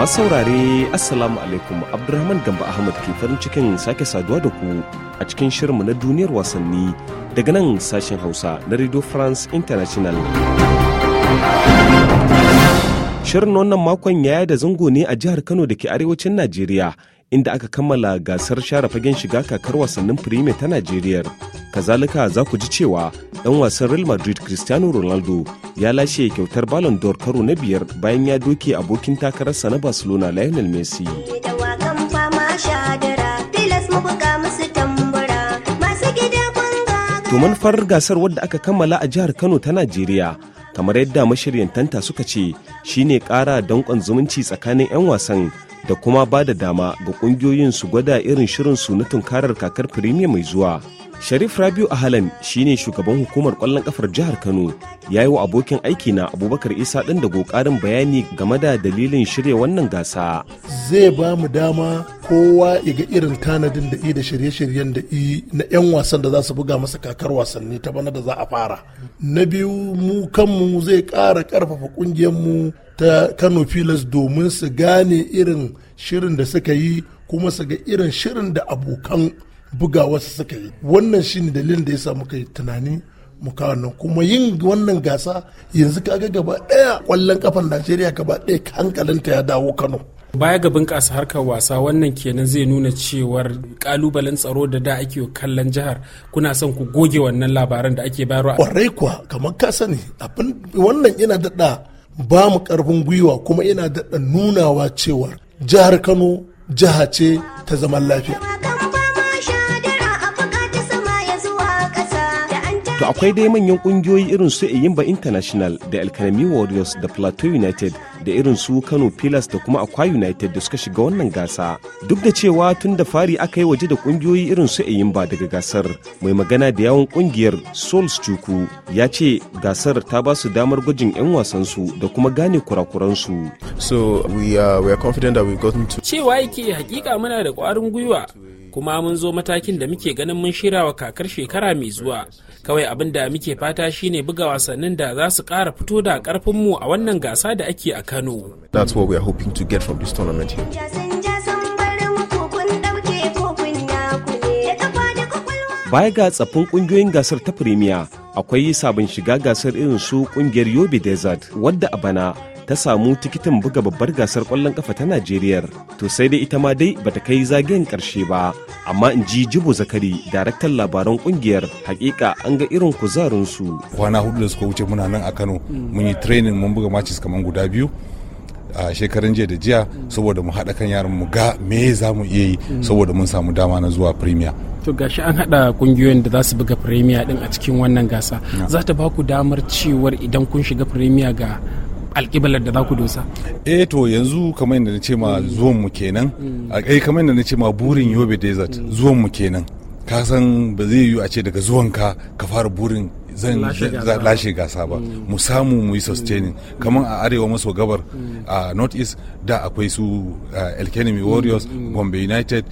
masu saurare assalamu alaikum abdulrahman gamba ahmad ke farin cikin sake saduwa da ku a cikin shirinmu na duniyar wasanni daga nan sashen hausa na radio france international shirin wannan makon yaya da zango ne a jihar kano da ke arewacin najeriya inda aka kammala gasar share fagen shiga kakar wasannin Firime ta Najeriya. Kazalika za ku ji cewa ɗan wasan Real Madrid Cristiano Ronaldo ya lashe kyautar Ballon d'Or karo na biyar bayan ya doke abokin takararsa na Barcelona Lionel Messi. To manufar gasar wadda aka kammala a jihar Kano ta Najeriya kamar yadda mashiryantanta suka ce shine ƙara danƙon zumunci tsakanin 'yan wasan da kuma ba da dama ga ƙungiyoyin su gwada irin shirin su na tunkarar kakar firimiya mai zuwa. Sharif Rabiu Ahalan shine shugaban hukumar kwallon kafar jihar Kano ya yi wa abokin aiki na Abubakar Isa ɗan da ƙoƙarin bayani game da dalilin shirya wannan gasa. Zai ba mu dama kowa ya ga irin tanadin da i da shirye-shiryen da i na 'yan wasan da za su buga masa kakar wasanni ta bana da za a fara. Na biyu mu kanmu zai ƙara ƙarfafa mu ta Kano Pilas domin su gane irin shirin da suka yi kuma su ga irin shirin da abokan buga wasu suka yi wannan shine dalilin da ya sa muka yi tunani mu kawo nan kuma yin wannan gasa yanzu kaga gaba ɗaya kwallon kafan najeriya gaba ɗaya hankalinta ya dawo kano baya ga bunƙasa harkar wasa wannan kenan zai nuna cewar kalubalen tsaro da da ake kallon jihar kuna son ku goge wannan labaran da ake bayarwa kwarai kuwa kamar ka sani abin wannan yana daɗa ba mu ƙarfin gwiwa kuma yana daɗa nunawa cewar jihar kano jiha ce ta zaman lafiya To akwai dai manyan kungiyoyi irin su Eyimba International da Elkanami Warriors da Plateau United da irin su Kano Pillars da kuma Akwa United da suka shiga wannan gasa. Duk da cewa tun da fari aka yi waje da kungiyoyi irin su Eyimba daga gasar, mai magana da yawon kungiyar Souls Chuku ya ce gasar ta ba su damar gwajin 'yan wasan su da kuma gane kurakuransu. So we are, we are confident that we got to... Cewa yake hakika muna da ƙwarin gwiwa kuma mun zo matakin da muke ganin mun shirya wa kakar shekara mai zuwa kawai abin da muke fata shine buga wasannin da za su kara fito da mu a wannan gasa da ake a kano that's what we are hoping to get from this tournament here. baya ga tsaffin kungiyoyin gasar ta premier akwai sabon shiga gasar irin su kungiyar yobe desert wadda a bana ta samu tikitin buga babbar gasar kwallon kafa ta Najeriya. To sai dai ita ma dai bata kai zagayen karshe ba, amma in ji Jibo Zakari, daraktan labaran kungiyar hakika an ga irin kuzarin su. Kwana hudu da suka wuce muna nan a Kano, mun yi training mun buga matches kaman guda biyu. a shekarun jiya da jiya saboda mu haɗa kan yaran mu ga me za mu iya yi mm. saboda mun samu dama na zuwa premier to gashi an haɗa kungiyoyin da za su buga premier din a cikin wannan gasa za ta ba ku damar cewar idan kun shiga premier ga alƙiblar da za ku dosa E to yanzu kamar yadda na ce ma zuwan mu kenan a mm. eh, kamar yadda na ce ma burin yobe desert mm. zuwan mu kenan ka san ba zai yiwu a ce daga zuwanka ka fara burin zan lashe gasa ba mm. mu samu mu yi sustaining mm. kamar a arewa maso gabar mm. a north east da akwai su elkenemy warriors gombe united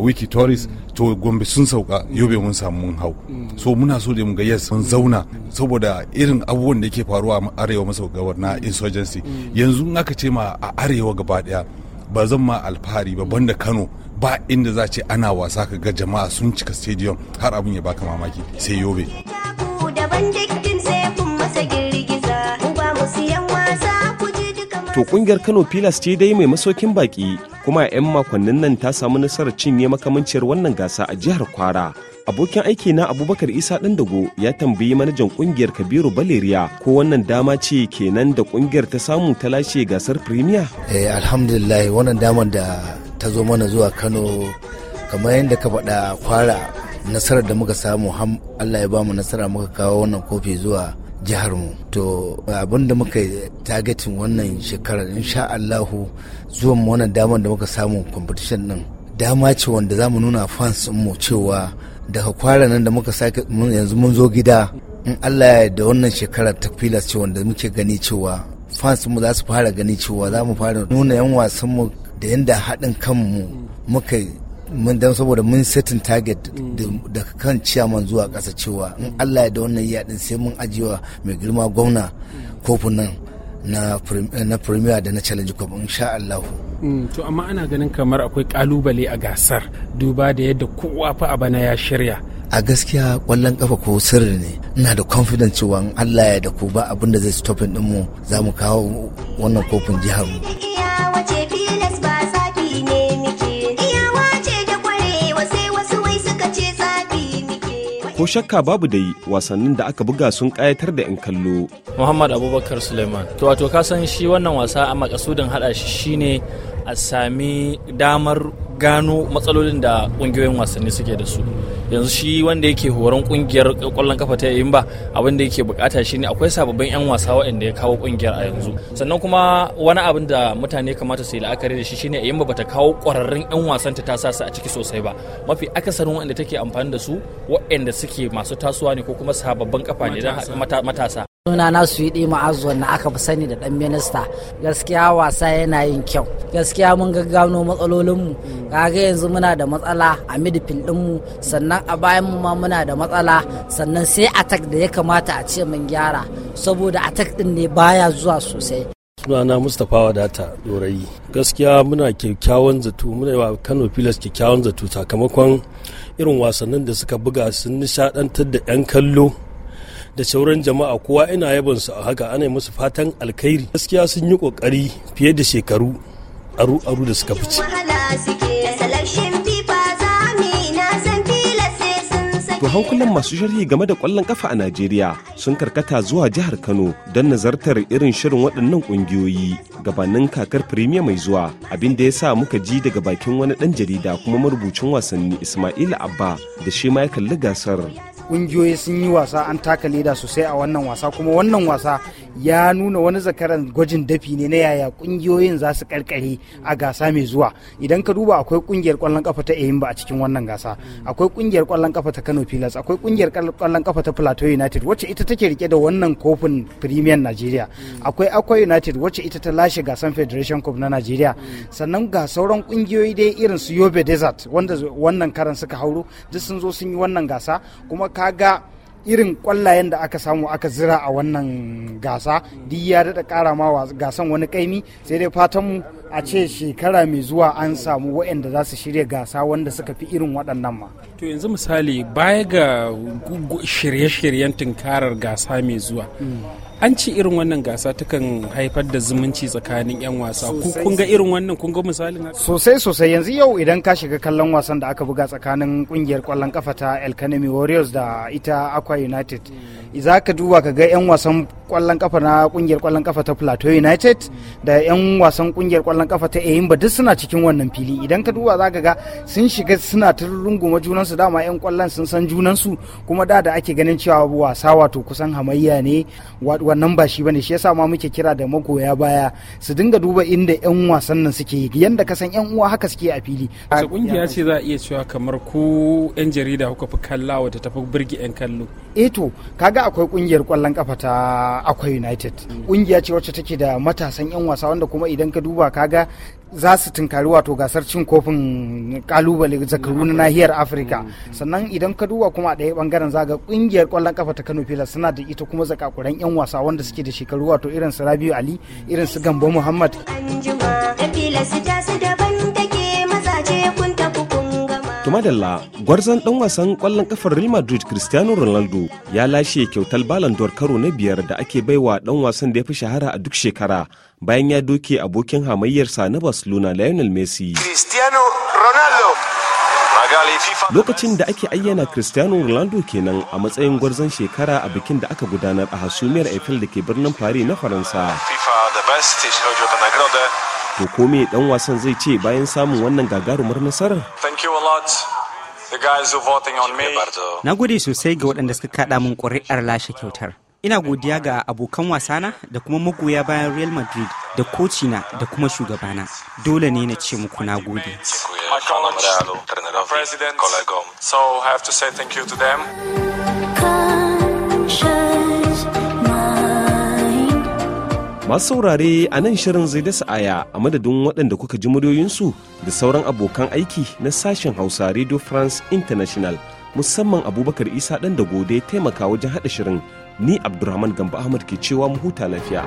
wiki tourist to gombe sun sauka yobe mun samu mun hau so muna so da mu ga yes mun zauna saboda irin abubuwan da ke faruwa a arewa maso gabar na insurgency yanzu in aka ce ma a arewa gaba daya ba zan ma alfahari ba banda kano ba inda za ce ana wasa ka ga jama'a sun cika stadium har abin ya baka mamaki sai yobe. to kungiyar Kano Pilas ce dai mai masaukin baki kuma yan makonnin nan ta samu nasarar cinye makamancin wannan gasa a jihar Kwara abokin aiki na abubakar isa dago ya tambayi manajan kungiyar kabiru baleriya ko wannan dama ce kenan da kungiyar ta samu ta lashe gasar premier eh alhamdulillah wannan damar da ta zo mana zuwa kano kamar yadda ka faɗa kwara nasarar da muka samu Allah ya bamu nasara muka kawo wannan kofi zuwa jihar mu to abin da muka targetin wannan shekarar insha Allahu zuwan wannan damar da muka samu competition din dama ce wanda zamu nuna fans mu cewa daga kwara nan da muka sake yanzu mun zo gida in Allah ya da wannan shekarar ta filas ce wanda muke gani cewa fans mu za su fara gani cewa za mu fara nuna yan wasan mu da yanda haɗin kanmu muka mun dan saboda mun setin target daga kan ciyaman zuwa ƙasa cewa in Allah ya da wannan yaɗin sai mun ajiwa mai girma gwamna kofin nan na eh, na premier da na challenge cup insha Allah mm, to amma ana ganin kamar akwai kalubale a gasar duba da yadda kowa fa a bana ya shirya a gaskiya kwallon kafa ko sirri ne ina da confidence cewa in Allah ya da ku ba abin zai stopin din mu za mu kawo wannan kofin jihar mu ko shakka babu dai wasannin da aka buga sun kayatar da 'yan kallo. Muhammad Abubakar Suleiman. To wato ka san shi wannan wasa a makasudin haɗa shi shine a sami damar gano matsalolin da ƙungiyoyin wasanni suke da su. yanzu shi wanda yake horon kungiyar kwallon kafa ta yayin ba abin da yake bukata shi ne akwai sababbin yan wasa waɗanda ya kawo kungiyar a yanzu sannan kuma wani abin da mutane kamata su yi la'akari da shi shine yayin ba bata kawo kwararrun yan wasan ta sa su a ciki sosai ba mafi akasarin waɗanda take amfani da su waɗanda suke masu tasowa ne ko kuma sababbin kafa ne matasa suna na su yi ma'azu wanda aka fi sani da ɗan minista gaskiya wasa yana yin kyau gaskiya mun gaggano matsalolinmu mm. kaga yanzu muna da matsala a midfin dinmu sannan a bayan mu ma muna da matsala sannan sai attack da ya kamata a ce mun gyara saboda attack ɗin ne baya zuwa sosai sunana mustapha wadata dorayi gaskiya muna kyakkyawan zato muna yawa kano pilas kyakkyawan zato sakamakon irin wasannin da suka buga sun nishadantar da 'yan kallo da sauran jama'a kowa ina yabon su a haka ana musu fatan alkhairi gaskiya sun yi kokari fiye da shekaru aru aru da suka fice To hankulan masu sharhi game da kwallon kafa a Najeriya sun karkata zuwa jihar Kano don nazartar irin shirin waɗannan ƙungiyoyi gabanin kakar firimiya mai zuwa abin da ya sa muka ji daga bakin wani ɗan jarida kuma marubucin wasanni isma'il Abba da shi ma ya kalli gasar. Ƙungiyoyi sun yi wasa an taka leda sosai a wannan wasa kuma wannan wasa ya nuna wani zakaran gwajin dafi ne na yaya kungiyoyin za su karkare a gasa mai zuwa idan ka duba akwai kungiyar kwallon kafa ta Eyimba a cikin wannan gasa akwai kungiyar kwallon kafa ta Kano Pilas akwai kungiyar kwallon kafa ta Plateau United wacce ita take rike da wannan kofin Premier Nigeria akwai Akwa United wacce ita ta lashe gasan Federation Cup na Nigeria sannan ga sauran kungiyoyi dai irin su Yobe Desert wanda wannan karan suka hauro duk sun zo sun yi wannan gasa kuma ka ga. irin kwallayen da aka samu aka zira a wannan gasa duk ya daɗa ƙara ma gasan wani kaimi sai dai fatanmu a ce shekara mai zuwa an samu waɗanda za su shirya gasa wanda suka fi irin waɗannan ma. To yanzu misali baya ga shirye-shiryen tunkarar gasa mai zuwa. Mm. an ce irin wannan gasa takan haifar da zumunci tsakanin 'yan wasa kun ga irin wannan kun ga misalin sosai sosai yanzu yau idan ka shiga kallon wasan da aka buga tsakanin kungiyar kwallon kafa ta El Warriors da ita Aqua United za ka duba ka ga 'yan wasan kwallon kafa na kungiyar kwallon kafa ta Plateau United da 'yan wasan kungiyar kwallon kafa ta Eyimba duk suna cikin wannan fili idan ka duba za ka ga sun shiga suna ta runguma junansu dama 'yan kwallon sun san junansu kuma da da ake ganin cewa wasa wato kusan hamayya ne wannan ba shi bane shi yasa ma muke kira da magoya baya su dinga duba inda yan wasan nan suke yi yanda ka san yan uwa haka suke a fili a kungiya ce za a iya cewa kamar ku yan jarida kuka fi kalla wata tafi birgi yan kallo eh to kaga akwai kungiyar kwallon kafa ta akwai united kungiya ce wacce take da matasan yan wasa wanda kuma idan ka duba kaga za su tunkari wato gasar cin kofin kalubale zakaru na nahiyar afirka sannan idan ka duba kuma a ɗaya bangaren zaga kungiyar kwallon kafa ta kano filas suna da ita kuma zakakuran yan wasa wanda suke da shekaru wato irin su rabiu ali irin su gambo muhammad Tumadalla, gwarzon dan wasan kwallon kafar Real Madrid Cristiano Ronaldo ya lashe kyautar Ballon d'Or karo na biyar da ake baiwa dan wasan da ya fi shahara a duk shekara bayan ya doke abokin hamayyarsa na Barcelona Lionel Messi. Cristiano Ronaldo Lokacin da ake ayyana Cristiano Ronaldo kenan a matsayin gwarzon shekara a bikin da aka gudanar a hasumiyar Eiffel da ke birnin Paris na Faransa. to ko me dan wasan zai ce bayan samun wannan gagarumar nasarar thank you voting on me na gode sosai ga waɗanda suka kaɗa min ƙuri'ar lashe kyautar ina godiya ga abokan wasana da kuma magoya bayan real madrid da kocina da kuma shugabana dole ne na ce muku na gode so I to say thank you Masu saurare a nan shirin zai dasa aya a madadin waɗanda kuka ji muryoyinsu da sauran abokan aiki na sashen Hausa Radio France International musamman Abubakar Isa ɗan da gode taimaka wajen haɗa shirin ni Abdulrahman Gamba Ahmad ke cewa mu huta lafiya.